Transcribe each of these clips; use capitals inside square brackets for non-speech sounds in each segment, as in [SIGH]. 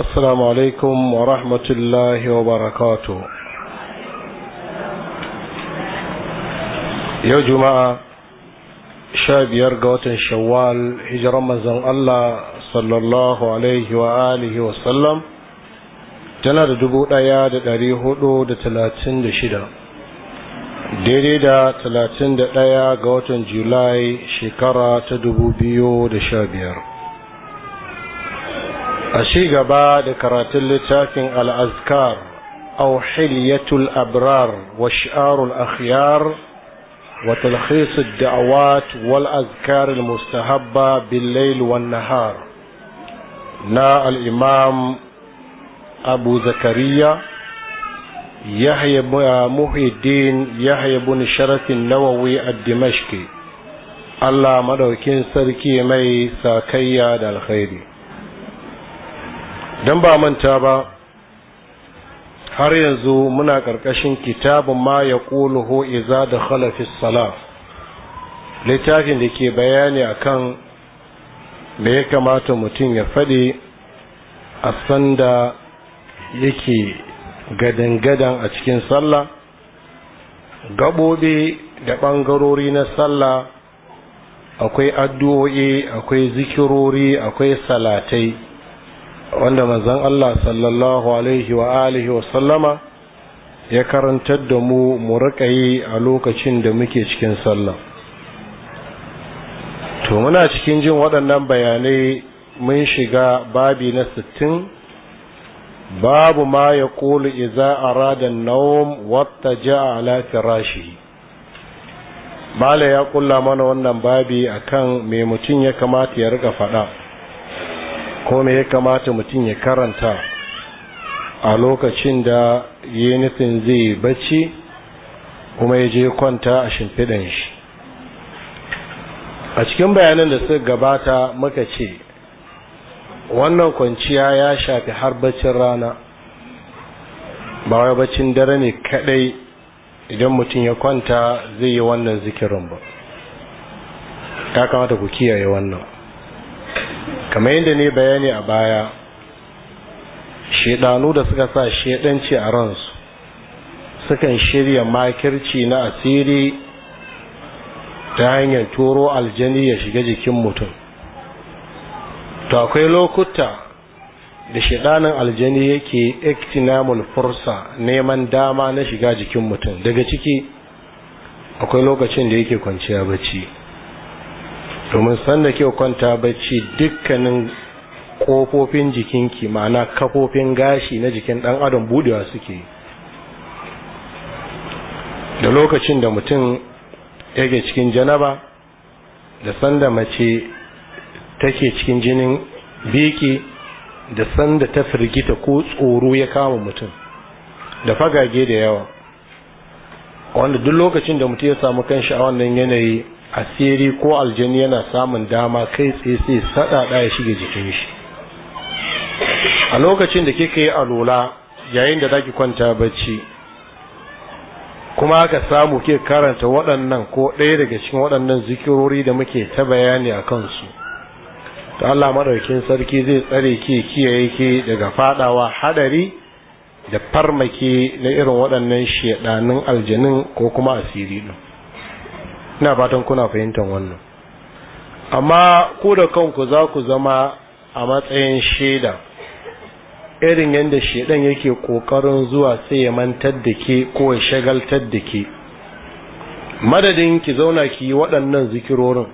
السلام عليكم ورحمة الله وبركاته يا جماعة شاب يرقوة شوال هجر مزن الله صلى الله عليه وآله وسلم tana da dubu ɗaya da ɗari hudu da talatin da shida daidai da talatin da ɗaya ga watan julai shekara ta dubu biyu da sha biyar a shi gaba da karatun littafin al'azkar au abrar wa shi'arul akhyar wa talhisul da'awat wal azkaril mustahabba billail wan nahar na al'imam abu zakariya yahya muhiddin yahya bin sharafin nawawi a Dimashki. Allah madaukin sarki mai sakayya da alkhairi don ba manta ba har yanzu muna ƙarƙashin kitabun ma ya ƙuluhu iza da khalafis sala littafin da ke bayani akan me ya kamata mutum ya faɗi a sanda yake gadan-gadan a cikin sallah gaɓoɓe da ɓangarori na sallah akwai addu'o'i akwai zikirori akwai salatai wanda manzon Allah sallallahu alaihi wa alihi wa sallama ya karantar da mu mu rika yi a lokacin da muke cikin sallah to muna cikin jin waɗannan bayanai mun shiga babi na sittin. باب ما arada an-nawm watta واتجع ala فراشه mala ya يقول mana wannan babi akan me mutum ya kamata ya rika fada ko me ya kamata mutum ya karanta a lokacin da yi nufin zai bacci kuma ya je kwanta a shimfiɗan shi a cikin bayanan da suka gabata muka ce wannan kwanciya ya shafi har baccin rana ba wai baccin dare ne kadai idan mutum ya kwanta zai yi wannan zikirin ba ya kamata ku kiyaye wannan kamar yadda ne bayani a baya shedanu da suka sa shedanci a ransu sukan shirya makirci na asiri ta hanyar turo aljani ya shiga jikin mutum to akwai lokuta da shedanin aljani yake iktinamul fursa neman dama na shiga jikin mutum daga ciki akwai lokacin da yake kwanciya bacci to mun san da kyau kwanta bacci dukkanin kofofin jikinki ma'ana kafofin gashi na jikin dan adam budewa suke da lokacin da mutum yake cikin janaba da sanda mace take cikin jinin biki da sanda ta firgita ko tsoro ya kama mutum da fagage da yawa wanda duk lokacin da mutum ya samu kanshi a wannan yanayi asiri ko aljani yana samun dama kai tsaye sai saɗaɗa ya shiga jikin shi a lokacin da kika yi alola yayin da zaki kwanta bacci kuma aka samu ke karanta waɗannan ko ɗaya daga cikin waɗannan zikirori da muke ta bayani a kansu ta Allah madaukin sarki zai tsare ki kiyaye ki daga fadawa hadari da farmaki na irin waɗannan shedanin aljanin ko kuma asiri din ina fatan kuna fahimtar wannan amma ku da kanku za ku zama a matsayin shaida irin yadda shaidan yake kokarin zuwa sai ya mantar da ke ko ya shagaltar da ke madadin ki zauna ki yi waɗannan zikirorin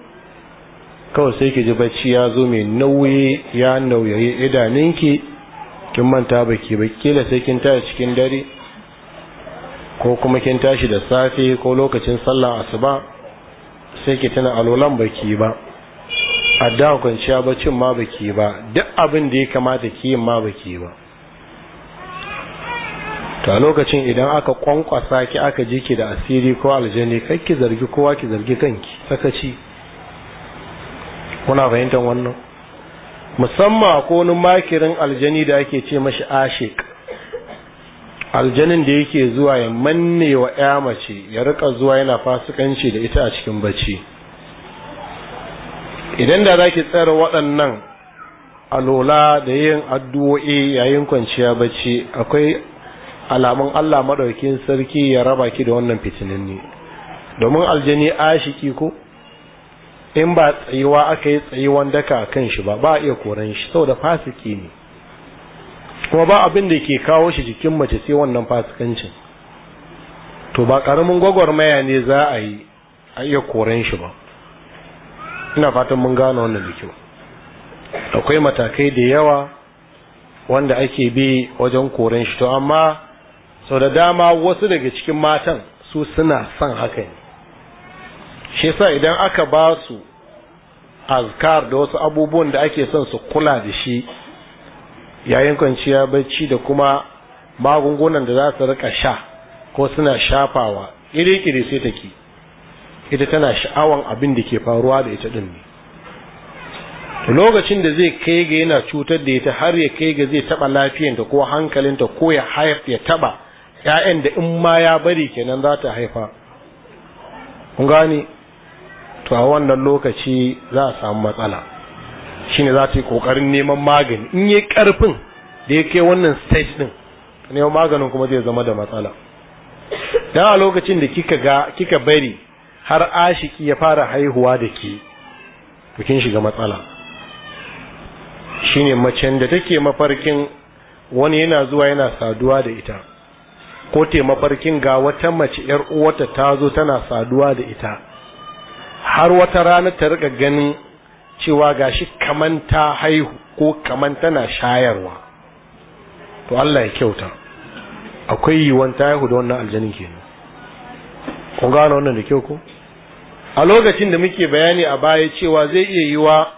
kawai sai ki ji bacci ya zo mai nauyi ya nauyaye idaninki kin manta baki ba kila sai kin tashi cikin dare ko kuma kin tashi da safe ko lokacin sallah asuba sai ke tana alolan baki ba a adda kwanciya cin ma baki ba duk abin da ya kamata ki yin ma baki ba ta lokacin idan aka kwankwasa ki aka je ki da asiri ko aljani kai ki zargi kowa ki zargi kanki sakaci kuna fahimtar wannan musamman ko wani makirin aljani da ake ce mashi ashik aljanin da yake zuwa ya manne wa ya mace ya rika zuwa yana fasikanci da ita a cikin bacci idan da za ki tsara waɗannan alola da yin addu'o'i yayin kwanciya bacci akwai alamun Allah maɗaukin sarki ya raba ki da wannan fitinin domin aljani ashiki ko in ba tsayuwa aka yi tsayuwan daka kan shi ba ba a iya koran shi saboda fasiki ne kuma ba abin da ke kawo shi jikin mace sai wannan fasikancin to ba karamin gwagwarmaya ne za a yi a iya koren shi ba ina fatan mun gano wannan da kyau akwai matakai da yawa wanda ake bi wajen koren shi to amma sau da dama wasu daga cikin matan su suna son haka ne shi sa idan aka ba su azkar da wasu abubuwan da ake son su kula da shi yayin kwanciya bacci da kuma magungunan da za su rika sha ko suna shafawa iri-iri sai take ita tana sha'awan abin da ke faruwa da ita ɗin ne lokacin da zai kai ga yana cutar da ita har ya kai ga zai taba lafiyanta ko hankalinta ko ya taɓa ya da in ma ya bari kenan za ta haifa kun to a wannan lokaci za a samu matsala shine za ta yi kokarin neman magani in yi karfin da ya kai wannan stage din neman maganin kuma zai zama da matsala Da a lokacin da kika ga kika bari har ashiki ya fara haihuwa da ke to shiga matsala shine macen da take mafarkin wani yana zuwa yana saduwa da ita ko te mafarkin ga wata mace yar uwata ta zo tana saduwa da ita har wata rana ta rika ganin cewa gashi kaman ta haihu ko kaman tana shayarwa to Allah ya kyauta akwai yiwuwan ta haihu da wannan aljanin kenan kun gano wannan da kyau ko a lokacin da muke bayani a baya cewa zai iya yiwa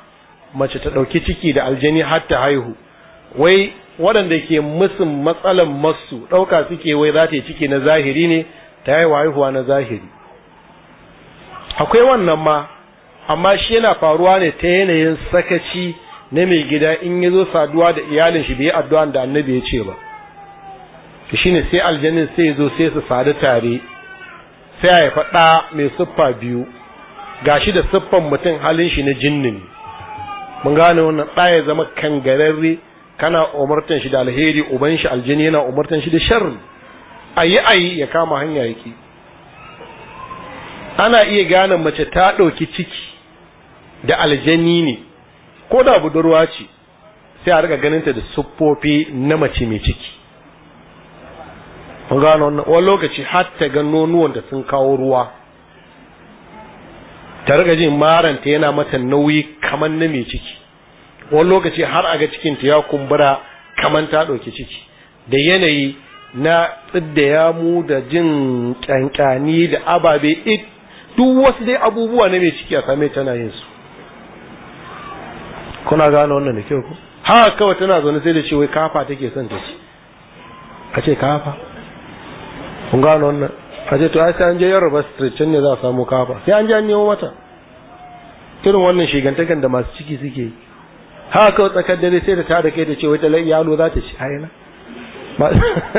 mace ta ɗauki ciki da aljani har ta haihu wai waɗanda ke musun matsalan masu ɗauka suke wai za ta yi ciki na zahiri ne ta haihu haihuwa na zahiri akwai wannan ma amma shi yana faruwa ne ta yanayin sakaci na mai gida in ya zo saduwa da iyalin shi bai addu'a da annabi ya ce ba shi ne sai aljanin sai zo sai su sadu tare sai a yi mai siffa biyu gashi da siffan mutum halin shi na jinnin mun gane wannan ɗa ya zama kangararre kana umartan shi da alheri uban shi aljini yana umartan shi da sharri ayi ayi ya kama hanya yake ana iya gane mace ta ɗauki ciki da aljani ne ko da budurwa ce sai a riga ganinta da siffofi na mace mai ciki kun gano wannan wani lokaci ta ga nonuwan da sun kawo ruwa ta riga jin maranta yana mata nauyi kamar na mai ciki wani lokaci har a ga cikinta ya kumbura kamar ta ɗauki ciki da yanayi na tsidda mu da jin kyankyani da ababe duk wasu dai abubuwa na mai ciki a same tana yin su kuna gane wannan da kyau ko ha kawai tana zaune sai da ce wai kafa take son ta ci a ce kafa kun gane wannan a ce to ai sai an je yarba street can ne za a samu kafa sai an je an nemo mata irin wannan shigantakan da masu ciki suke yi ha kawai tsakar dare sai da ta da kai da ce wai ta lai yalo za ta ci a yana [LAUGHS]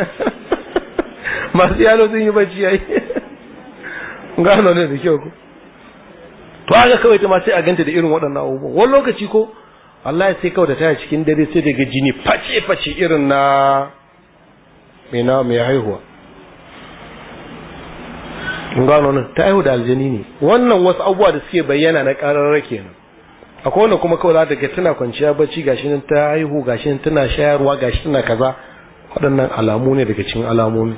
masu yalo sun yi bacci kun gano ne da kyau ko to haka kawai ta ma sai a ganta da irin waɗannan abubuwan wani lokaci ko Allah sai kawai da taya cikin dare sai daga jini face face irin na mai na mai haihuwa gano nan ta haihu da aljini ne wannan wasu abubuwa da suke bayyana na rake kenan akwai kowane kuma kawai da ga tana kwanciya bacci gashi nan ta haihu gashi nan tana shayarwa gashi tana kaza waɗannan alamu ne daga cikin alamomi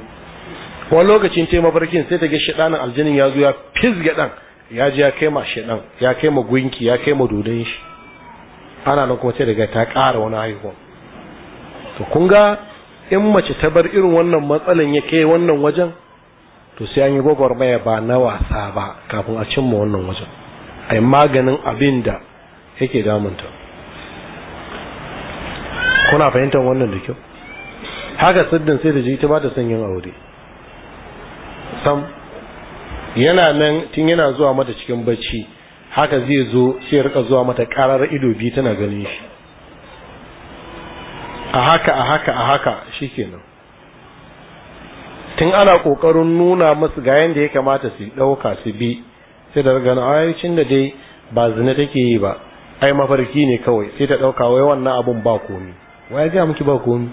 wani lokacin ta mafarkin sai ta ga shaɗanin aljinin ya zo ya fizge ɗan ya ji ya kai ma shaɗan ya kai ma gunki ya kai ma dodon shi ana nan kuma sai daga ta ƙara wani haihuwa to kun ga in mace ta bar irin wannan matsalan ya kai wannan wajen to sai an yi gwagwarmaya ba na wasa ba kafin a cimma wannan wajen a yi maganin abin da yake damunta kuna fahimtar wannan da kyau haka siddin sai da ji ta ba ta son aure sam yana nan tun yana zuwa mata cikin bacci haka zai zo sai rika zuwa mata karar ido biyu tana ganin shi a haka a haka a haka shikenan tun ana kokarin nuna masu ga da ya kamata su dauka su bi sai da rigar ayyucin da dai ba zina take yi ba ai mafarki ne kawai sai ta dauka wai wannan abun ba komi wai ga miki ba komi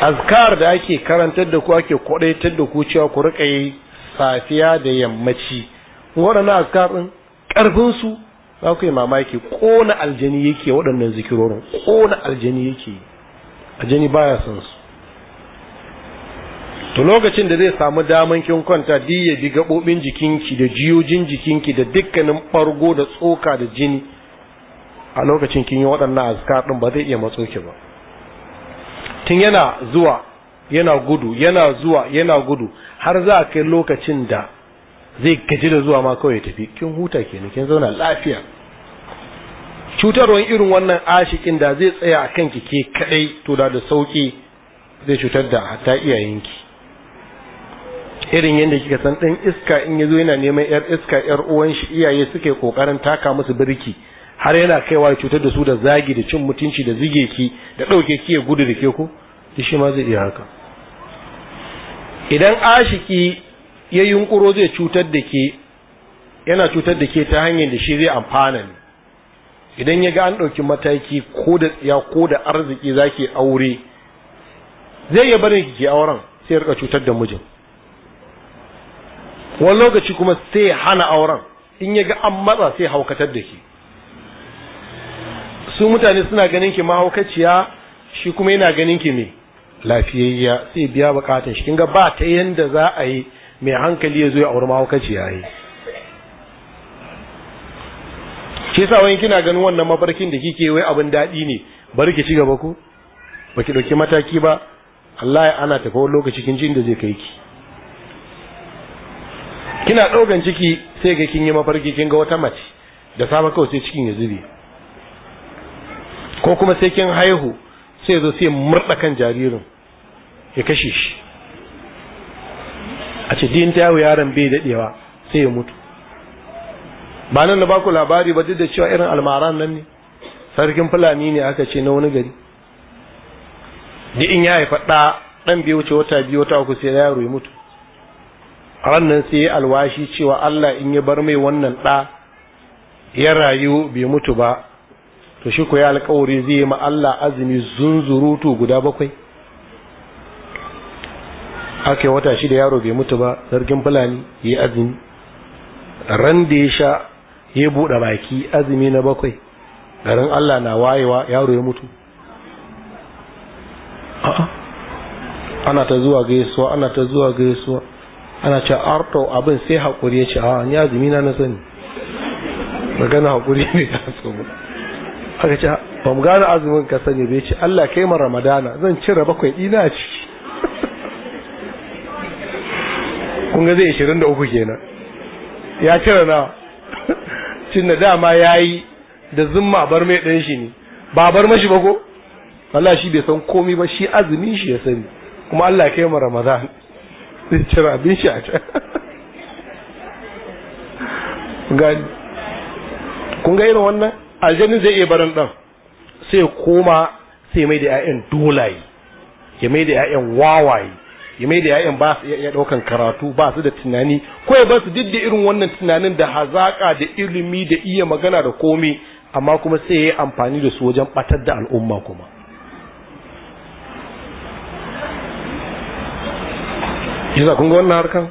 azkar da ake karantar da ku ake kwadaitar da ku cewa ku rika yi safiya da yammaci waɗannan askar ɗin ƙarfin su za ku yi mamaki ƙona aljani yake waɗannan zikirorin ƙona aljani yake aljani baya son su to lokacin da zai samu daman kin kwanta diya bi gaɓoɓin jikinki da jiyojin jikinki da dukkanin ɓargo da tsoka da jini a lokacin kin yi waɗannan azkar ɗin ba zai iya matso ki ba tun yana zuwa yana gudu yana zuwa yana gudu har za a kai lokacin da zai gaji da zuwa ma kawai ya tafi kin huta kenan kin zauna lafiya cutarwan irin wannan ashikin da zai tsaya a kanki ke kadai to da da sauki zai cutar da hatta iyayenki irin yadda kika san ɗan iska in yazo yana neman yar iska yar uwan shi iyaye suke kokarin taka musu birki har yana kaiwa cutar da su da zagi da cin mutunci da zige ki da ɗauke ki ya gudu da ke ku shi ma zai iya haka idan ashiki ya yunkuro zai cutar da ke yana cutar da ke ta hanyar da shi zai amfana ne idan ya ga an ɗauki mataki ko da tsiya ko da arziki za ke aure zai iya bari ki auren sai ya rika cutar da mijin wani lokaci kuma sai ya hana auren in ya ga an matsa sai ya haukatar da ke su mutane suna ganin ki mahaukaciya shi kuma yana ganin ki me lafiyayya sai biya bukatar shi kinga ba ta yanda za a yi mai hankali ya zo ya auri mahaukaci ya yi ke sa wani kina ganin wannan mafarkin da kike wai abin daɗi ne bari ki ci gaba ku ba ki ɗauki mataki ba Allah ya ana tafi wani lokaci kin jin da zai kai ki kina ɗaukan ciki sai ga kin yi mafarki kin ga wata mace da sama kawai sai cikin ya zube ko kuma sai kin haihu sai zo sai murɗa kan jaririn ya kashe shi a ce din ta yawo yaron bai daɗewa sai ya mutu ba nan da ba ku labari ba duk da cewa irin almaran nan ne sarkin fulani ne aka ce na wani gari da in ya haifa ɗa ɗan bai wuce wata biyu wata uku sai yaro ya mutu ran nan sai alwashi cewa Allah in ya bar mai wannan ɗa ya rayu bai mutu ba to shi ku ya alƙawari zai ma Allah azumi zunzurutu guda bakwai aka wata shida yaro bai mutu ba sarkin fulani ya azumi ran da ya sha ya buɗe baki azumi na bakwai garin Allah na wayewa yaro ya mutu ana ta zuwa gaisuwa ana ta zuwa gaisuwa ana ce arto abin sai haƙuri ya ce a ni azumi na na sani magana haƙuri ne ta so ba aka ce ba mu gane azumin ka sani bai ce Allah kai ma ramadana zan cire bakwai ina ciki. kun ga zai 23 kenan ya cire na cin da dama yi da zumma bar mai ɗan shi ne ba bar mashi ba ko Allah shi bai san komai ba shi azumi shi ya sani kuma Allah ya kai mu Ramadan zai cire abin shi a can kun ga irin wannan aljanin zai iya barin dan sai koma sai mai da 'ya'yan dolaye ya mai da 'ya'yan wawaye ya mai da yayan ba su iya daukan karatu ba su da tunani ko ya ba su duk da irin wannan tunanin da hazaka da ilimi da iya magana da komai amma kuma sai ya amfani da su wajen batar da al'umma kuma yasa kun ga wannan harkan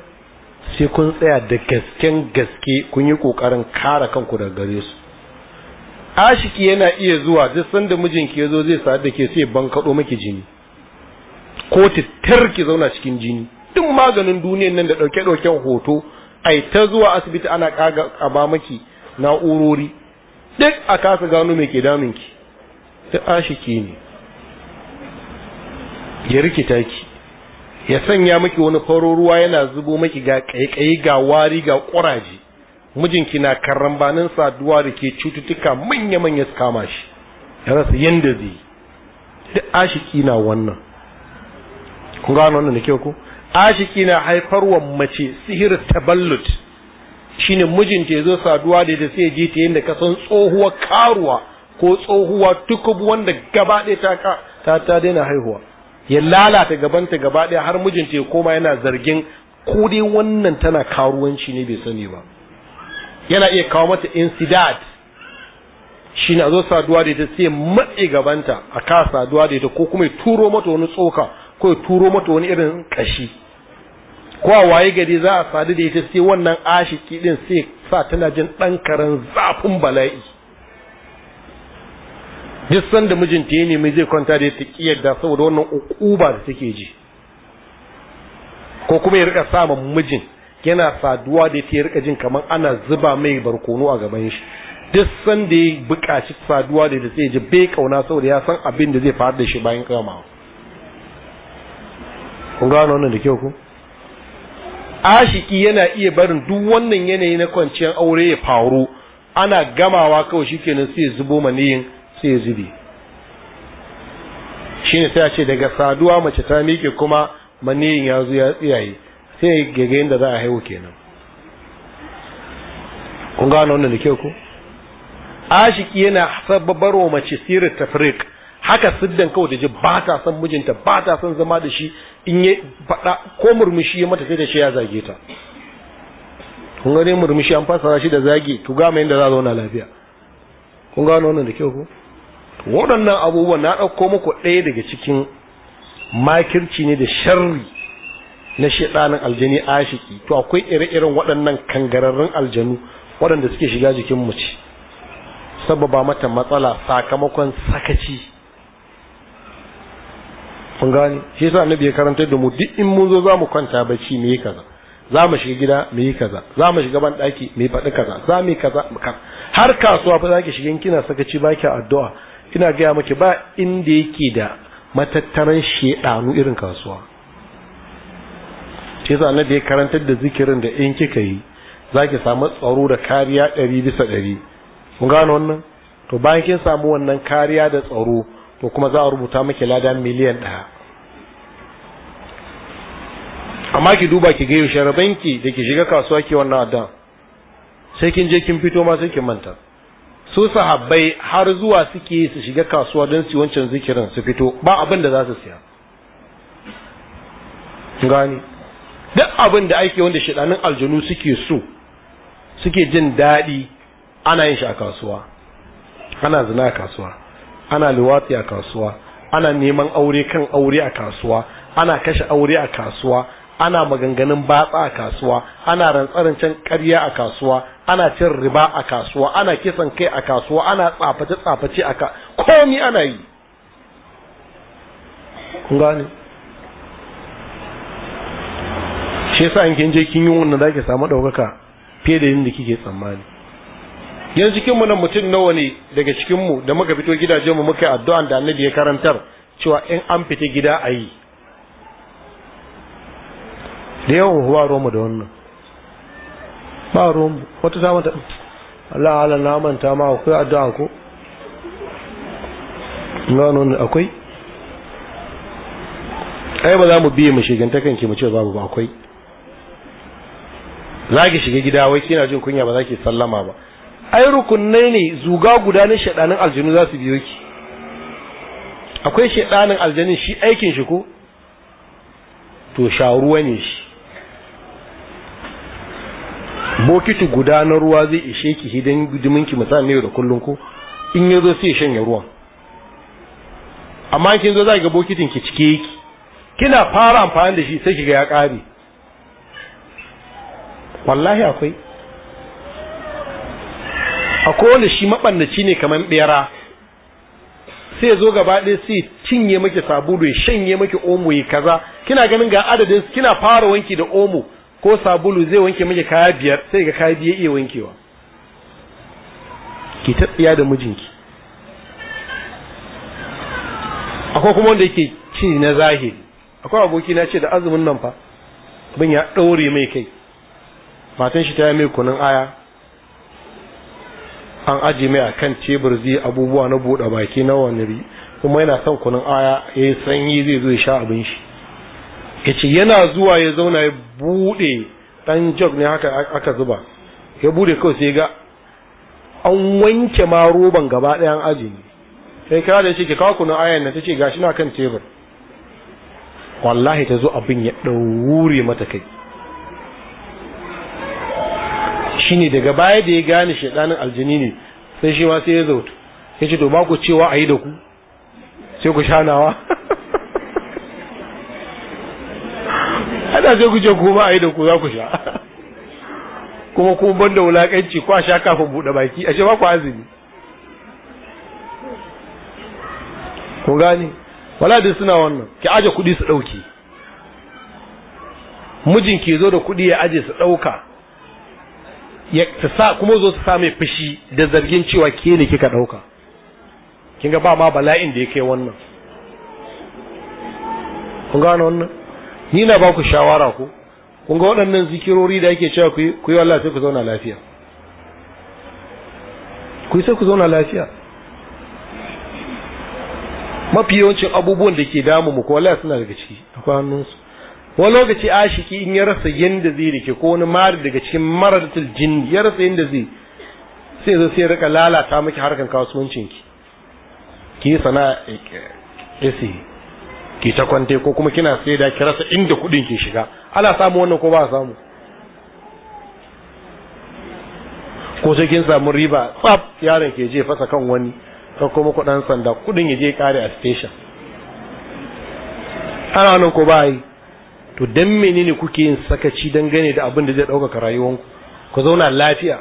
sai kun tsaya da gasken gaske kun yi kokarin kare kanku daga gare su ashiki yana iya zuwa duk sanda mijinki ya zo zai sa da ke sai ban kaɗo miki jini ko titar ki zauna cikin jini duk maganin duniyan nan da ɗauke ɗauken hoto ai ta zuwa asibiti ana kaga a ba maki na'urori duk a kasa gano me ke damun ki ta ashiki ne ya rikita ki ya sanya miki wani faro ruwa yana zubo miki ga kaikayi ga wari ga kuraje mijinki na karambanin saduwa da ke cututtuka manya-manya su kama shi ya rasa yanda zai duk ashiki na wannan Kuran wannan da kyau ko ashiki na haifarwa mace sihir taballut shine mijinta ya zo saduwa da ita sai ji ta da ka san tsohuwar karuwa ko tsohuwa tukubu wanda gaba ɗaya ta ta ta daina haihuwa ya lalata gabanta gaba ɗaya har mijinta ya koma yana zargin ko dai wannan tana karuwanci ne bai sani ba yana iya kawo mata insidat shi na zo saduwa da ita sai matse gabanta a ka saduwa da ita ko kuma ya turo mata wani tsoka ko turo mata wani irin kashi ko a waye gari za a sadu da ita sai wannan ashiki din sai sa tana jin dan karan zafin bala'i duk sanda mijinta ya nemi zai kwanta da ta kiyarda saboda wannan ukuba da take ji ko kuma ya rika samun mijin yana saduwa da ta rika jin kamar ana zuba mai barkono a gaban shi duk sanda ya bukaci saduwa da ta sai ji bai kauna saboda ya san abin da zai faru da shi bayan kamawa kun gano wannan da kyau ku ashiki yana iya barin duk wannan yanayi na kwanciyar aure ya faru ana gamawa kawai shikenan sai ya zubo maniyin sai ya zube shine sai a ce daga saduwa mace ta miƙe kuma maniyin ya zo ya tsiyaye sai gagayin da za a haihu kenan kun gano wannan da kyau ku ashiki yana sababbar wa mace sirar tafrik haka siddan kawai da ji ba ta son mijinta ba ta son zama da shi in yi faɗa ko murmushi ya mata sai da shi ya zage ta kun gane murmushi an fasara shi da zage to ga mai za a zauna lafiya kun gano wannan da kyau ko waɗannan abubuwan na ɗauko muku ɗaya daga cikin makirci ne da sharri na shaɗanin aljani ashiki to akwai ire-iren waɗannan kangararrun aljanu waɗanda suke shiga jikin mace sababa mata matsala sakamakon sakaci kun gane shi yasa annabi ya karanta da mu duk in mun zo za mu kwanta bacci me yi kaza za mu shiga gida mu yi kaza za mu shiga ban daki yi faɗi kaza za mu yi kaza har kasuwa fa za ki shiga kina sakaci baki ki addu'a ina gaya miki ba inda yake da matattaran shedanu irin kasuwa shi yasa annabi ya karantar da zikirin da in kika yi za ki samu tsaro da kariya ɗari bisa ɗari kun gane wannan to bayan kin samu wannan kariya da tsaro to kuma za a rubuta maki lada miliyan ɗaya amma ki duba ki gayo sharabanki da ki shiga kasuwa ki wannan addan sai kin je kin fito ma sai kin manta su sahabbai har zuwa suke su shiga kasuwa don su wancan zikirin su fito ba abin da za su siya gani duk abin da ake wanda shidanin aljanu suke so suke jin daɗi ana yin shi a kasuwa ana zina a kasuwa ana liwati a kasuwa ana neman aure kan aure a kasuwa ana kashe aure a kasuwa ana maganganun batsa a kasuwa ana rantsarancen ƙarya a kasuwa ana cin riba a kasuwa ana kisan kai a kasuwa ana tsaface tsaface a kasuwa komi ana yi kun gane shi yasa in kin je kin yi wannan zaki samu ɗaukaka fiye da yin da kike tsammani yanzu kinmu mu nan mutum nawa ne daga cikin mu da muka fito gidajenmu mu muka addu'an da annabi ya karantar cewa in an fita gida a yi da yawan huwa romu da wannan ba romu wata samun ta Allah ala na manta ma akwai addu'a ko gano akwai ai ba za mu biye mu ta kanki mu ce babu ba akwai za ki shiga gida wai kina jin kunya ba za ki sallama ba ai rukunai ne zuga guda na shaɗanin aljanu za su biyo ki akwai shaɗanin aljanin shi aikin shi ko to sha ne shi bokiti guda na ruwa zai ishe ki hidan gudiminki musamman yau da kullum ko in ya zo sai shanya ruwan amma kin zo za ga bokitin ki cike yake kina fara amfani da shi sai ki ga ya kare wallahi akwai a kowane shi maɓannaci ne kamar ɗera. sai zo gaba ɗaya sai cinye maki sabulu ya shanye maki omo ya kaza kina ganin ga adadin kina fara wanki da omo ko sabulu zai wanke maki kaya biyar sai ga kaya biyar iya wankewa ki ta tsiya da mijinki akwai kuma wanda yake ci na zahiri akwai aboki na ce da azumin nan fa bin ya ɗaure mai kai matan shi ta yi mai kunun aya an ajiye mai a kan tebur zai abubuwa na buɗe baki na wani kuma yana son kunun aya ya yi sanyi zai zo ya sha abin shi ya ce yana zuwa ya zauna ya buɗe ɗan jog ne haka aka zuba ya buɗe kawai sai ga an wanke ma roban gaba ɗaya an aji ne sai kira da ya ce ki kawo kunun Aya na ta ce gashi na kan tebur wallahi ta zo abin ya ɗaure mata kai ne daga baya da ya gane shaidanin aljini ne sai shi ma sai ya zautu ya ce to ba ku cewa a yi da ku sai ku shanawa [LAUGHS] ana sai ku ce ku ba a yi da ku za ku sha [LAUGHS] kuma ku ban da wulaƙanci ku a sha kafin buɗe baki a ce ba ku azumi ku gane wala da suna wannan ki aje kuɗi su ɗauki mijin ke zo da kuɗi ya aje su ɗauka ya ta sa kuma zo ta sa mai fushi da zargin cewa ke ne kika ɗauka kin ga ba ma bala'in da ya kai wannan kun gane wannan ni na ba ku shawara ku kun ga waɗannan zikirori da ake cewa ku yi Allah sai ku zauna lafiya ku yi sai ku zauna lafiya mafi yawancin abubuwan da ke damu mu ko Allah suna daga ciki akwai hannunsu wani lokaci ashiki in ya rasa yadda zai rike ko wani mari daga cikin da jin ya rasa yadda zai sai zai sai rika lalata miki harkan kasuwancin ki ki yi sana'a esi eh, eh, eh, ki ta kwante ko kuma kina sai da ki rasa inda kudin ke shiga ana samu wannan ko ba samu ko sai kin samu riba tsaf yaron ke je fasa kan wani ko kuma kudin sanda kudin ya je kare a station ana nan ko ba yi to dan menene kuke yin sakaci dangane da abin da zai ɗaukaka rayuwanku ku zauna lafiya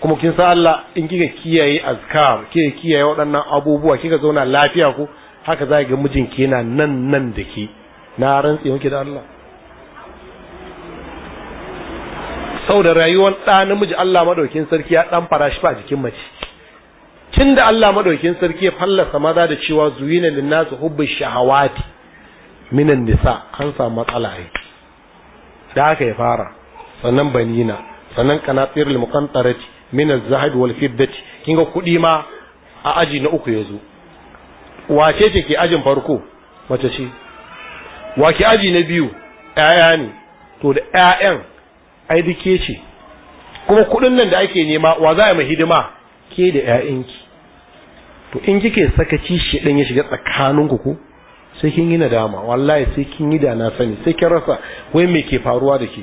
kuma kin san Allah in kika kiyaye azkar kika kiyaye waɗannan abubuwa kika zauna lafiya ku haka za ga mijinki yana nan nan da ke na rantsi muke da Allah da rayuwar ɗa namiji Allah madaukin sarki ya ɗan fara shi fa jikin mace kin da Allah madaukin sarki ya fallasa maza da cewa zuyina linnasu hubbu shahawati minan nisa an samu matsala ai da haka ya fara sannan banina sannan qanatir al muqantarati min al zahab wal fiddati kinga kudi ma a aji na uku yazo wace ce ke ajin farko mace ce wa aji na biyu ƴaƴa ne to da ƴaƴan ai dike ce kuma kudin nan da ake nema wa za a mai hidima ke da ƴaƴanki to in kike sakaci shi dan ya shiga tsakaninku ko sai kin yi nadama wallahi sai kin yi da na sani sai kin rasa wai me ke faruwa da ke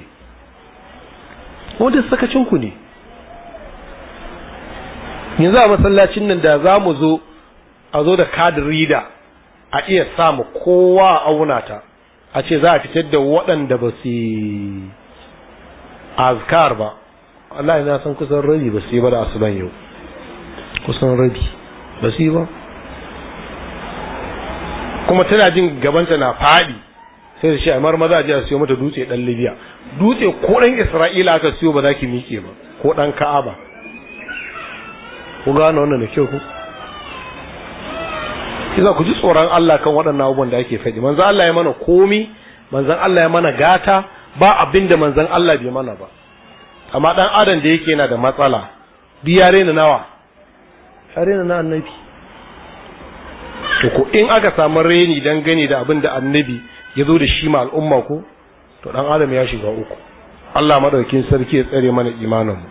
wanda sakacin ku ne yanzu a masallacin nan da za mu zo a zo da kadin reader a iya samu kowa a auna ta a ce za a fitar da waɗanda ba su azkar ba wallahi na san kusan rabi ba su yi ba da asuban yau kusan rabi ba su yi ba kuma tana jin gabanta na faɗi sai da shi a mar maza a siyo mata dutse ɗan libya dutse ko ɗan isra'ila aka siyo ba za ki miƙe ba ko ɗan ka'aba ku gane wannan da kyau ku kiza ku ji tsoron Allah kan waɗannan abubuwan da ake faɗi manzan Allah ya mana komi manzan Allah ya mana gata ba abin da manzan Allah bai mana ba amma ɗan adam da yake yana da matsala duk yare na nawa yare na annabi to ko in aka samu reni dan gane da abin da annabi ya zo da shi ma al'umma ko to dan adam ya shiga uku Allah madaukin sarki ya tsare mana imanin mu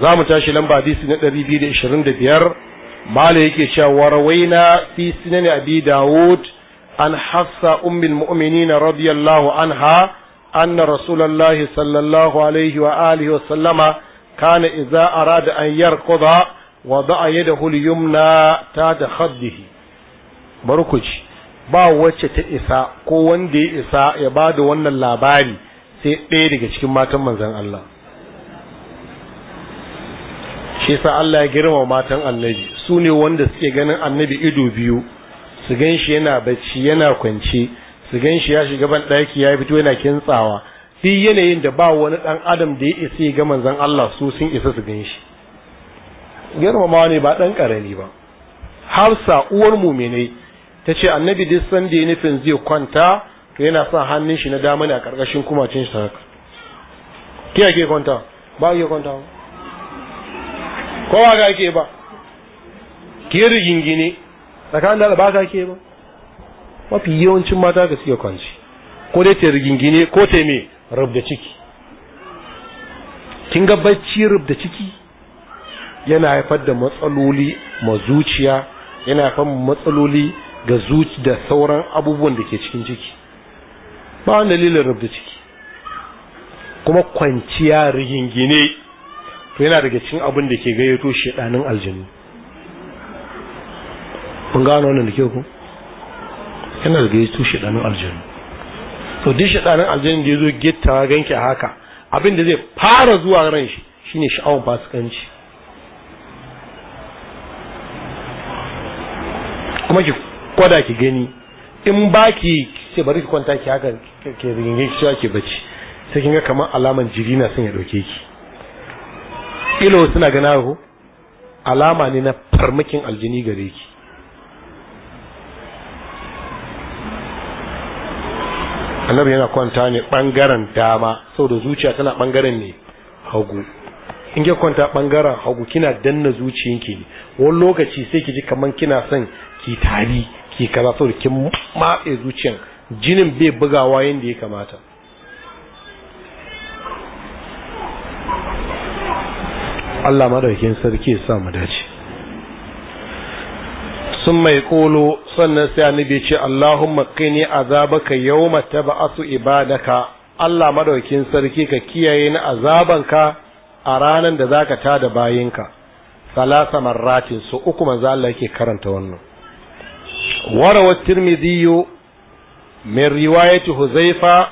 za mu tashi lamba hadisi na 225 mala yake cewa warawaina fi sunan abi daud an hafsa ummul mu'minin radiyallahu anha anna rasulullahi sallallahu alaihi wa alihi wa sallama kana idza arada an yarqada wada'a yadahu al-yumna ta khaddihi barkuci ba wacce ta isa ko wanda ya isa ya ba da wannan labari sai ɗaya daga cikin matan manzan Allah shi sa Allah ya girma matan annabi su ne wanda suke ganin annabi ido biyu su gan shi yana bacci yana kwance su gan shi ya shiga ban ɗaki ya fito yana kintsawa fi yanayin da ba wani ɗan adam da ya isa ya ga manzan Allah su sun isa su gan shi girmamawa ne ba ɗan ƙarami ba hafsa uwar muminai ta ce annabi duk san da ya nufin zai kwanta to yana sa hannun shi na dama ne a ƙarƙashin kumacin shi haka ke ke kwanta ba ke kwanta ba kowa ga ke ba ke rigingine tsakanin da ba ka ke ba mafi yawancin mata ga suke kwanci ko dai ta rigingine ko ta me rubda ciki kin ga bacci rubda ciki yana haifar da matsaloli ma zuciya yana haifar matsaloli ga zuci da sauran abubuwan da ke cikin ciki ba wani dalilin rubda ciki kuma kwanciya rigingine to yana daga cikin abin da ke gayyato shaɗanin aljanu. kun gano wannan da ke ku yana daga gayyato shaɗanin aljanu. to duk shaɗanin aljinu da ya zo gittawa ganke haka abin da zai fara zuwa ran shi shine sha'awar fasikanci kuma ki kwada ki gani in ba ki ce bari ki kwanta ki haka ke rigingin ki cewa ke bacci sai kin ga kamar alaman jiri na son ya dauke ki ilo suna gana ko alama ne na farmakin aljini gare ki annabi yana kwanta ne bangaren dama saboda zuciya tana bangaren ne hagu in ke kwanta bangaren hagu kina danna zuciyanki ne wani lokaci sai ki ji kamar kina son ki tari ki kaza da kin matse zuciyan jinin bai bugawa yadda ya kamata Allah madaukin sarki ya sa mu dace sun mai kolo sannan sai annabi ce Allahumma qini azabaka yawma tab'asu ibadaka Allah madaukin sarki ka kiyaye ni azabanka a ranar da zaka tada bayinka salasa marratin su uku manzo Allah yake karanta wannan وروى الترمذي من رواية حذيفة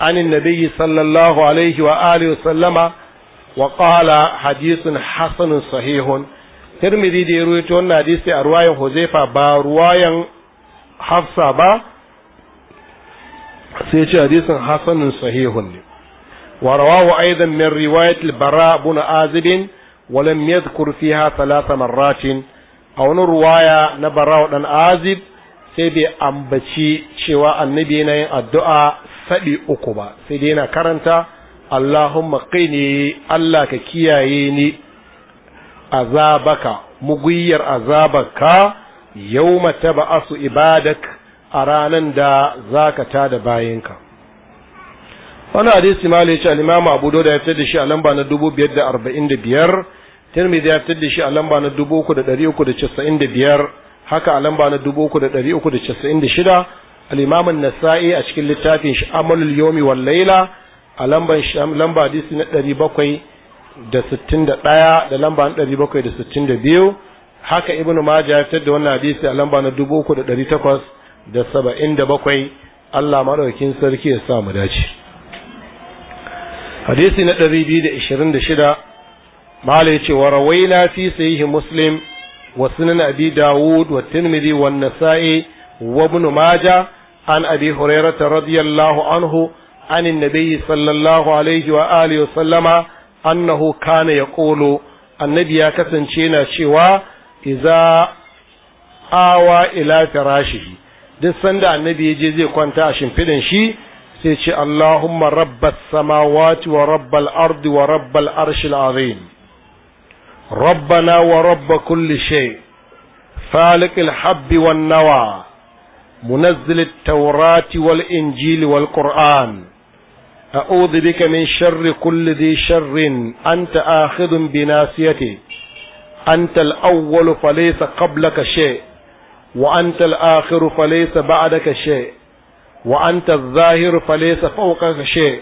عن النبي صلى الله عليه وآله وسلم وقال حديث حسن صحيح ترمذي دي رواية وانا حديث رواية حذيفة با رواية حفصة با سيتي حديث حسن صحيح ورواه أيضا من رواية البراء بن عازب ولم يذكر فيها ثلاث مرات a wani ruwaya na barawa ɗan azib sai bai ambaci cewa annabi yana yin addu'a saɗi uku ba sai dai yana karanta Allahumma qini Allah ka kiyaye ni azabaka muguyyar azabaka yawma su ibadak a ranan da za zaka da bayinka wani hadisi ma lai ce al Abu da ya fitar da shi a lamba na biyar. tirmidhi ya fitar da shi a lamba na dubu uku uku da da da casa'in biyar haka a lamba na dubu uku uku da da da shida alimamin na nasai a cikin littafin shi amalul yomi wal Laila. a lamban lamba hadisi na bakwai da sittin da da ɗaya lamba na bakwai da da sittin biyu haka ibnu maja ya fitar da wannan hadisi a lamba na dubu uku da da da takwas saba'in bakwai Allah maɗaukin sarki ya sa mu dace hadisi na biyu da da shida. mala yace wa rawaina fi sahih muslim wa sunan abi daud wa tirmidhi wa nasa'i wa ibn majah an abi hurairah radiyallahu anhu عن النبي صلى الله عليه وآله وسلم أنه كان يقول النبي يا كسنشينا شوا إذا آوى إلى فراشه duk sanda annabi ya je zai kwanta a shimfiɗin shi sai ce Allahumma rabbas samawati wa rabbal ardi wa rabbal arshil azim ربنا ورب كل شيء فالق الحب والنوى منزل التوراة والإنجيل والقرآن أعوذ بك من شر كل ذي شر أنت آخذ بناسيته أنت الأول فليس قبلك شيء وأنت الآخر فليس بعدك شيء وأنت الظاهر فليس فوقك شيء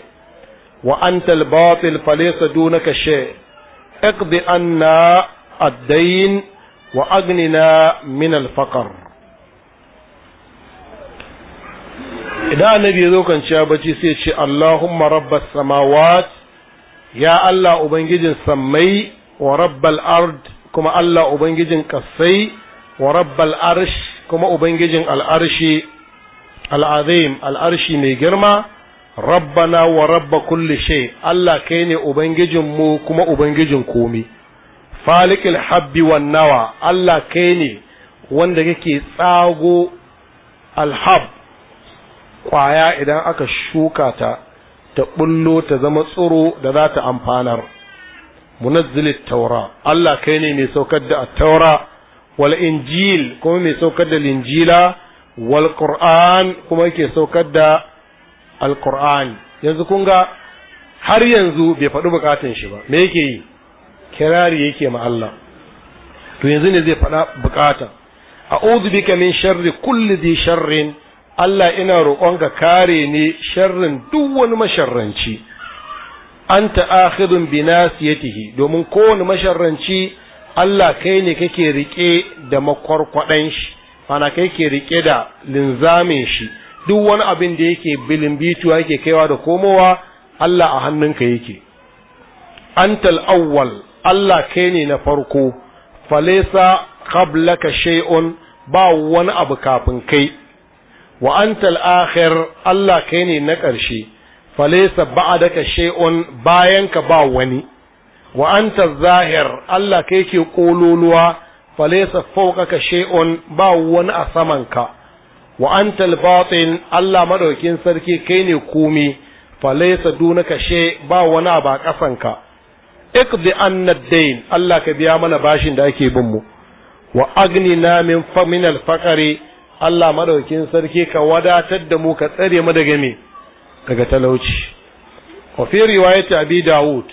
وأنت الباطل فليس دونك شيء اقض عنا الدين واغننا من الفقر idan annabi ya zo kwanciya bacci sai ce Allahumma rabbas samawat ya Allah ubangijin sammai wa rabbal ard kuma Allah ubangijin kasai wa rabbal arsh kuma ubangijin al'arshi al'arshi mai girma rabbana wa rabba kulli shay Allah kai ne ubangijin mu kuma ubangijin komi falikil habbi wan nawa Allah kai ne wanda kake tsago alhab kwaya idan aka shuka ta ta bullo ta zama tsiro da za ta amfanar munazzilit taura Allah kai ne mai saukar da taura wal injil kuma mai saukar da linjila wal qur'an kuma yake saukar da alqur'ani yanzu kun ga har yanzu bai faɗi bukatun shi ba me yake yi kirari yake ma Allah to yanzu ne zai faɗa bukata a'udhu bika min sharri kulli dhi sharrin Allah ina roƙon ka kare ni sharrin duk wani masharranci anta bina bi nasiyatihi domin kowane masharranci Allah kai ne kake rike da makwarkwadan shi mana kai ke rike da linzamin shi duk wani abin da yake bilin bituwa yake kaiwa da komowa Allah a hannunka yake antal awwal Allah kai ne na farko falesa qablaka shay'un ba wani abu kafin kai wa antal akhir Allah kai ne na ƙarshe falesa ba'adaka shay'un ka ba wani wa antal zahir Allah kai ke kololuwa falesa fawqaka shay'un ba wani a samanka wa antal batin Allah madaukin sarki kai ne komi fa laysa dunaka shay ba wani ba kasanka iqdi anna dain Allah ka biya mana bashin da ake bin mu wa na min famin al Allah madaukin sarki ka wadatar da mu ka tsare mu daga me daga talauci wa fi riwayat abi daud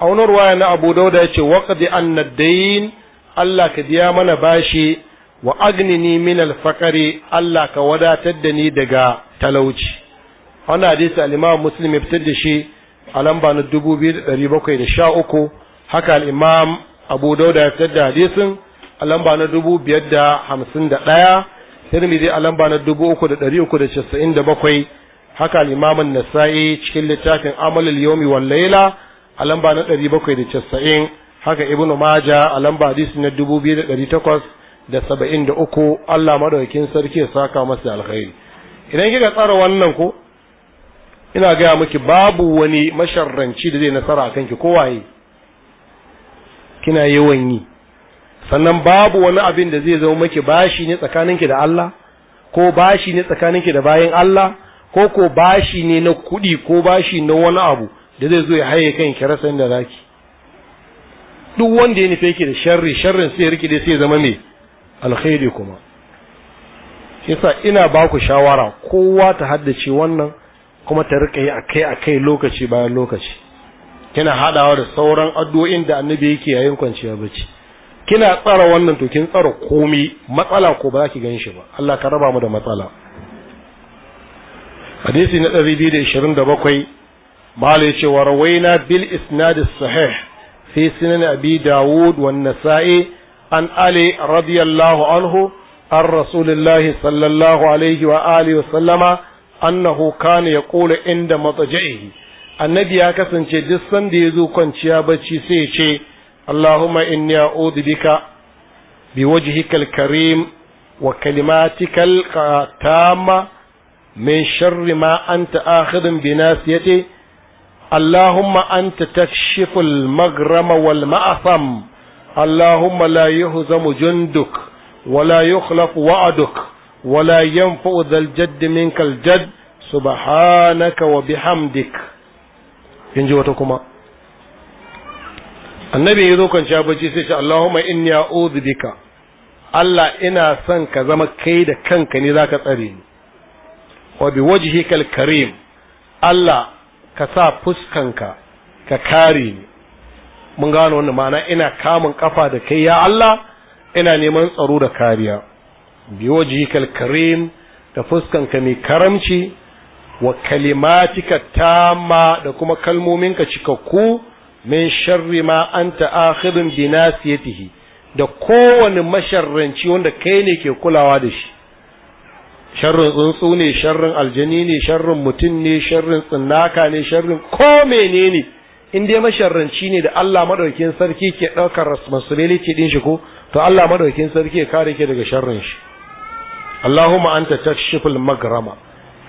a wani na abu dauda ya ce waqdi anna dain Allah ka biya mana bashi wa agnini min alfakari Allah ka wadatar da ni daga talauci wannan hadisi al-Imam Muslim ya fitar da shi a lamba na 2713 haka al-Imam Abu Dawud ya fitar da hadisin a lamba na 551 Tirmidhi a lamba na 3397 haka al-Imam An-Nasa'i cikin littafin Amalul Yawmi wal Layla a lamba na 790 haka Ibn Majah a lamba hadisi na 2800 da saba'in da uku Allah madaukin sarki ya saka masa alkhairi idan kika tsara wannan ko ina gaya miki babu wani masharranci da zai nasara a kanki ko waye kina yawan yi sannan babu wani abin da zai zama miki bashi ne tsakaninki da Allah ko bashi ne tsakaninki da bayan Allah ko ko bashi ne na kuɗi ko bashi na wani abu da zai zo ya haye kan ki rasa inda zaki duk wanda ya nufe ki da sharri sharrin sai rikide sai zama me alkhairi kuma yasa ina ba ku shawara kowa ta haddace wannan kuma ta rika yi akai akai lokaci bayan lokaci kina hadawa da sauran addu'o'in da annabi yake yayin kwanciya bacci kina tsara wannan to kin tsara komai matsala ko ba ki ki shi ba Allah ka raba mu da matsala hadisi na 227 mala ce wa rawaina bil isnad sahih fi sunan abi daud wan nasa'i عن علي رضي الله عنه عن رسول الله صلى الله عليه وآله وسلم أنه كان يقول عند مضجعه النبي يا kasance جسن sanda ya zo kwanciya bacci sai ya بوجهك الكريم وكلماتك التامة من شر ما أنت آخذ بناسيته اللهم أنت تكشف المغرم والمأثم اللهم لا يهزم جندك ولا يخلف وعدك ولا ينفع ذا الجد منك الجد سبحانك وبحمدك ينجوتكما النبي يذوق ان شاء اللهم اني اعوذ بك الله انا سنك زما كيد كنك ني ذاك وبوجهك الكريم الله كسا فسكنك ككاري mun gano wannan ma'ana ina kamun kafa da kai ya Allah ina neman tsaro da kariya biwajikal karim da fuskanka mai karamci wa kalimatika Tama da kuma kalmominka cikakku min sharri ma anta bi binasiyatihi da kowane masharranci wanda kai ne ke kulawa da shi sharrin tsuntsu ne sharrin aljani ne sharrin mutum ne sharrin tsinnaka ne sharrin ko menene ne in dai masharranci ne da Allah maɗaukin sarki ke daukar responsibility din shi ko to Allah maɗaukin sarki ya kare ke daga sharrin shi Allahumma anta takshiful magrama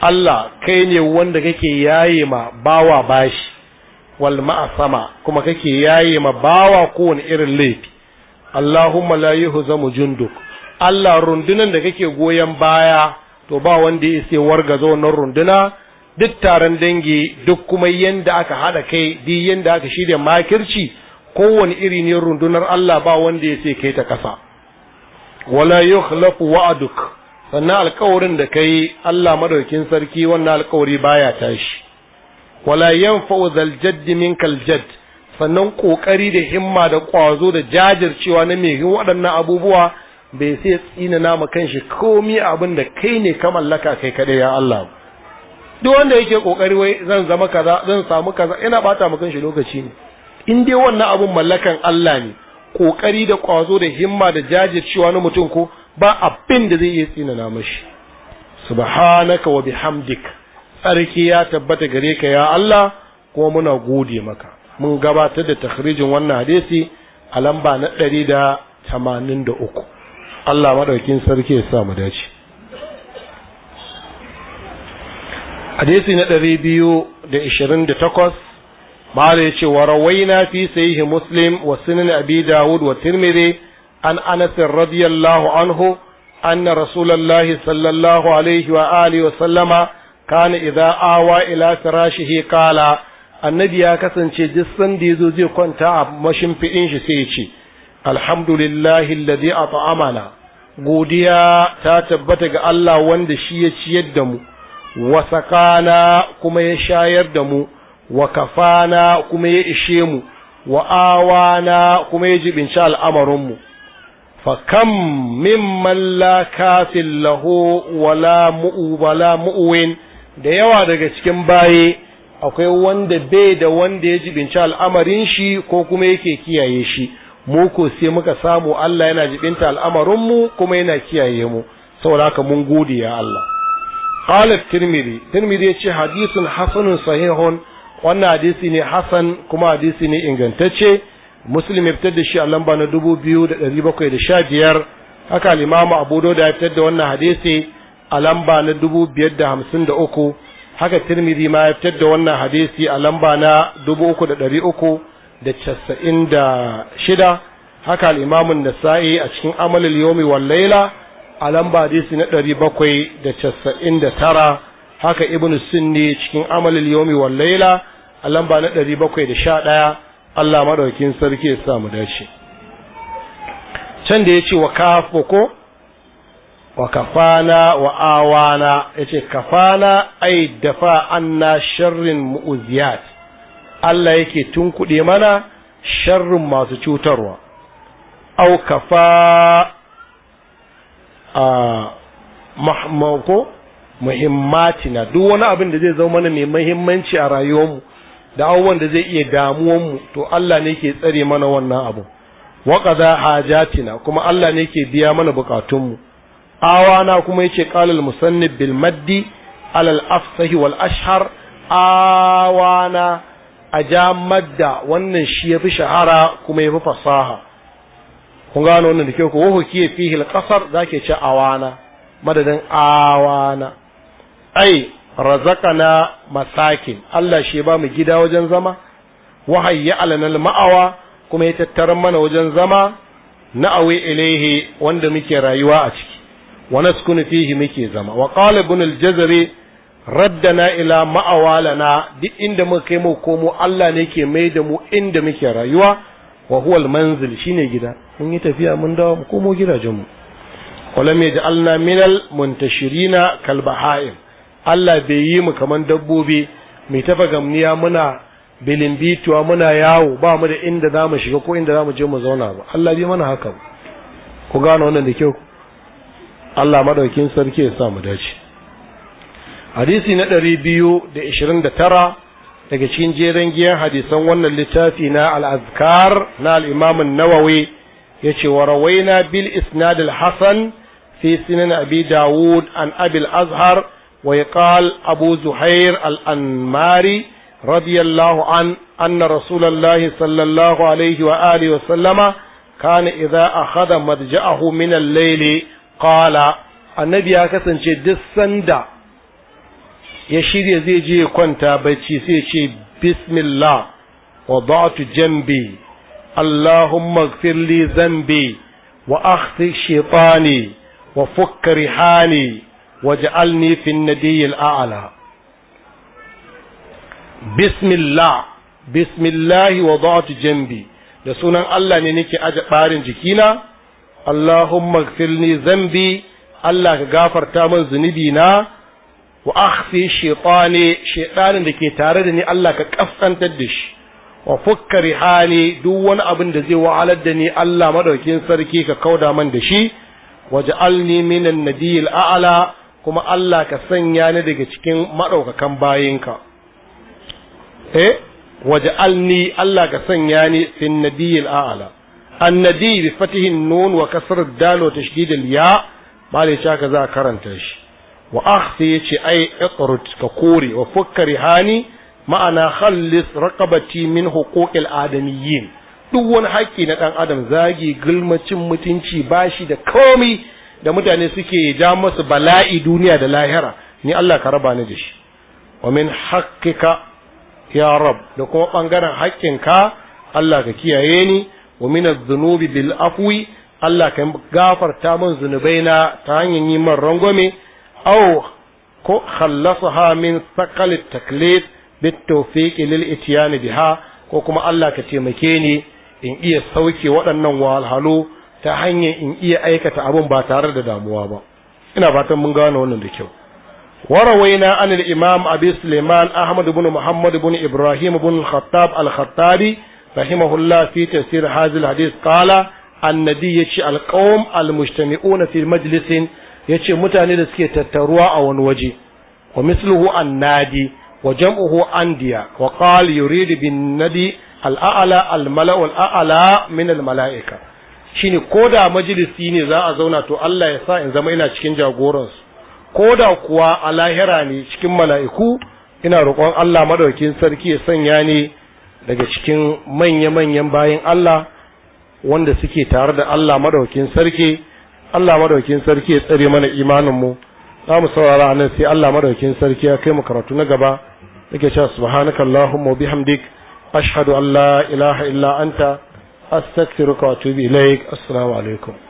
Allah kai ne wanda kake yaye ma bawa bashi wal ma'asama kuma kake yaye ma bawa kowane irin laifi Allahumma la yuhzamu junduk Allah rundunan da kake goyen baya to ba wanda ya sai wargazo wannan runduna duk taron dangi duk kuma yanda aka haɗa kai di yanda aka shirya makirci kowane iri ne rundunar Allah ba wanda ya ce kai ta kasa. wala yukhlafu wa'aduk sannan alƙawarin da kai Allah madaukin sarki wannan alƙawari baya tashi wala yanfa'u zal jadd minkal jadd sannan kokari da himma da ƙwazo da jajircewa na mai waɗannan abubuwa bai sai tsina nama kanshi komi abin da kai ne ka mallaka kai kaɗai ya Allah ba duk wanda yake kokari wai zan zama kaza zan samu kaza yana bata maka shi lokaci ne in dai wannan abun mallakan Allah ne kokari da kwazo da himma da jajircewa na mutum ko ba abin da zai iya tsina na mashi subhanaka wa bihamdik Sarki ya tabbata gare ka ya Allah kuma muna gode maka mun gabatar da takhrijin wannan hadisi a lamba na 183 Allah madaukin sarki ya sa mu dace hadisi na ɗari biyu da ishirin da takwas mala ya ce wa rawaina fi sahihi muslim wa sunan abi dawud wa tirmidhi an anas radiyallahu anhu anna rasulullahi sallallahu alaihi wa alihi wa sallama kana idza awa ila firashihi kala annabi ya kasance duk sanda yazo zai kwanta a mashimfiɗin shi sai ya ce ladi alladhi at'amana godiya ta tabbata ga Allah wanda shi ya ciyar da mu wa sakana kuma ya shayar da mu wa kafana kuma ya ishe mu wa awana kuma ya jibinci al'amarinmu fa kam min la kafin laho wala mu'uwin da yawa daga cikin baye akwai wanda bai da wanda ya ji binci al'amarin shi ko kuma yake kiyaye shi mu ko sai muka samu Allah yana jibinta al'amarinmu kuma yana kiyaye mu saboda haka mun gode ya Allah Tirmiri, Tirmiri ya ce hadithun hasanun sahihun wannan hadisi ne Hassan kuma hadisi ne ingantacce muslim ya fitar da shi a lamba na 2715 haka al-imamu abu dawud ya fitar da wannan hadisi a lamba na 2553 haka tirmidhi ma ya fitar da wannan hadisi a lamba na da 3396 haka al-imamu nasa'i a cikin amalul yawmi wal a lamba hadisi na ɗari bakwai da casa'in da tara haka ibn sunni cikin amalil yomi wal laila a lamba na ɗari bakwai da sha ɗaya allah maɗaukin sarki ya sa mu dace can da ya ce wa kafa ko wa kafana wa awana ya ce kafana ai dafa anna sharrin mu'uziyat Allah yake tunkuɗe mana sharrin masu cutarwa au kafa a muhimmati na duk wani abin da zai zama mana mai muhimmanci a rayuwarmu da abubuwan da zai iya mu to Allah ne ke tsare mana wannan abu wa qada hajatina kuma Allah ne ke biya mana bukatunmu awana kuma yace qala musannib bil maddi ala al afsahi wal ashhar awana ajamadda wannan shi yafi shahara kuma yafi fasaha kun gano wannan da kyau ko wahu kiye fihi al-qasar zake ce awana madadin awana ai razaqana masakin Allah shi ba mu gida wajen zama wahayya alanal ma'awa kuma ya tattara mana wajen zama na awi ilaihi wanda muke rayuwa a ciki wa naskunu fihi muke zama wa qala ibn al-jazari raddana ila ma'awalana duk inda muka kai mu komo Allah ne ke mai da mu inda muke rayuwa wa huwa al-manzil shine gida mun yi tafiya mun dawo mu komo gidajenmu walam yaj'alna minal muntashirina kal bahaim Allah bai yi mu kaman dabbobi mai tafa gamniya muna bilimbituwa muna yawo ba mu da inda za mu shiga ko inda za mu je mu zauna ba Allah bai mana haka ku gane wannan da kyau Allah madaukin sarki ya sa mu dace hadisi na ɗari biyu da ishirin da tara daga cikin jeren giyan hadisan wannan littafi na al na al-imam nawawi Ya ce wa rawaina bil isnad al hasan fi sunan abi Dawud an abil azhar wa yaqal abu zuhair al anmari radiyallahu an anna rasulullahi sallallahu alaihi wa alihi wa sallama kana idza akhadha madja'ahu min al-layl qala annabi ya kasance duk sanda ya shirya zai je kwanta bacci sai ya ce bismillah wada'tu jambi اللهم اغفر لي ذنبي وأخطئ شيطاني وفك رحاني واجعلني في الندي الأعلى بسم الله بسم الله وضعت جنبي da sunan Allah ne nake aje ɓarin jikina Allahumma gfirni zambi Allah ka gafarta min zunubi na wa akhfi da ke tare da ni Allah ka kaskantar da shi wa fukka rihani duk wani abin da zai wahalar da ni Allah madaukin sarki ka kauda man da shi waj'alni minan nadiyil a'la kuma Allah ka sanya ni daga cikin madaukakan bayinka eh waj'alni Allah ka sanya ni fin nadiyil a'la annadi bi fatihin nun wa kasr dal wa tashdid al ya bale cha ka za karanta shi wa akhsi yace ai iqrut ka kore wa fukka rihani ma'ana khallis raqabati min huquqil adamiyyin duk wani haƙƙi na ɗan adam zagi gulmacin mutunci bashi da komi da mutane suke ja masu bala'i duniya da lahira ni Allah ka raba ni da shi wa min haqqika ya rab da kuma bangaren ka, Allah ka kiyaye ni wa min adh-dhunubi bil afwi Allah ka gafarta min zunubaina ta hanyar yi min rangwame aw ko khallasaha min saqalit taklif bitofiki lil itiyani biha ko kuma Allah ka taimake ni in iya sauke waɗannan wahalhalu ta hanyar in iya aikata abun ba tare da damuwa ba ina fatan mun gane wannan da kyau warawaina an al-imam abi suleiman ahmad ibn muhammad ibn ibrahim ibn khattab al-khattabi rahimahullah fi tafsir hadhihi al-hadith qala annabi yace al-qawm al-mujtami'una fi majlisin yace mutane da suke tattaruwa a wani waje wa misluhu an-nadi an nadi Wajen jam'uhu andiya wa Yuredi, yuridu bin nadi al'a'ala al-mala'u al'a'ala min al-mala'ika shine koda majalisi ne za a zauna to Allah ya sa in zama ina cikin jagoransu koda kuwa a lahira ne cikin mala'iku ina roƙon Allah maɗaukin sarki ya sanya ni daga cikin manya-manyan bayan Allah wanda suke tare da Allah madaukin sarki Allah madaukin sarki ya tsare mana imaninmu za mu saurara nan sai Allah maɗaukin sarki ya kai mu karatu na gaba nake cewa subhanaka allahumma bihamdik ashhadu an la ilaha illa anta astaghfiruka wa atubu ilaik assalamu alaikum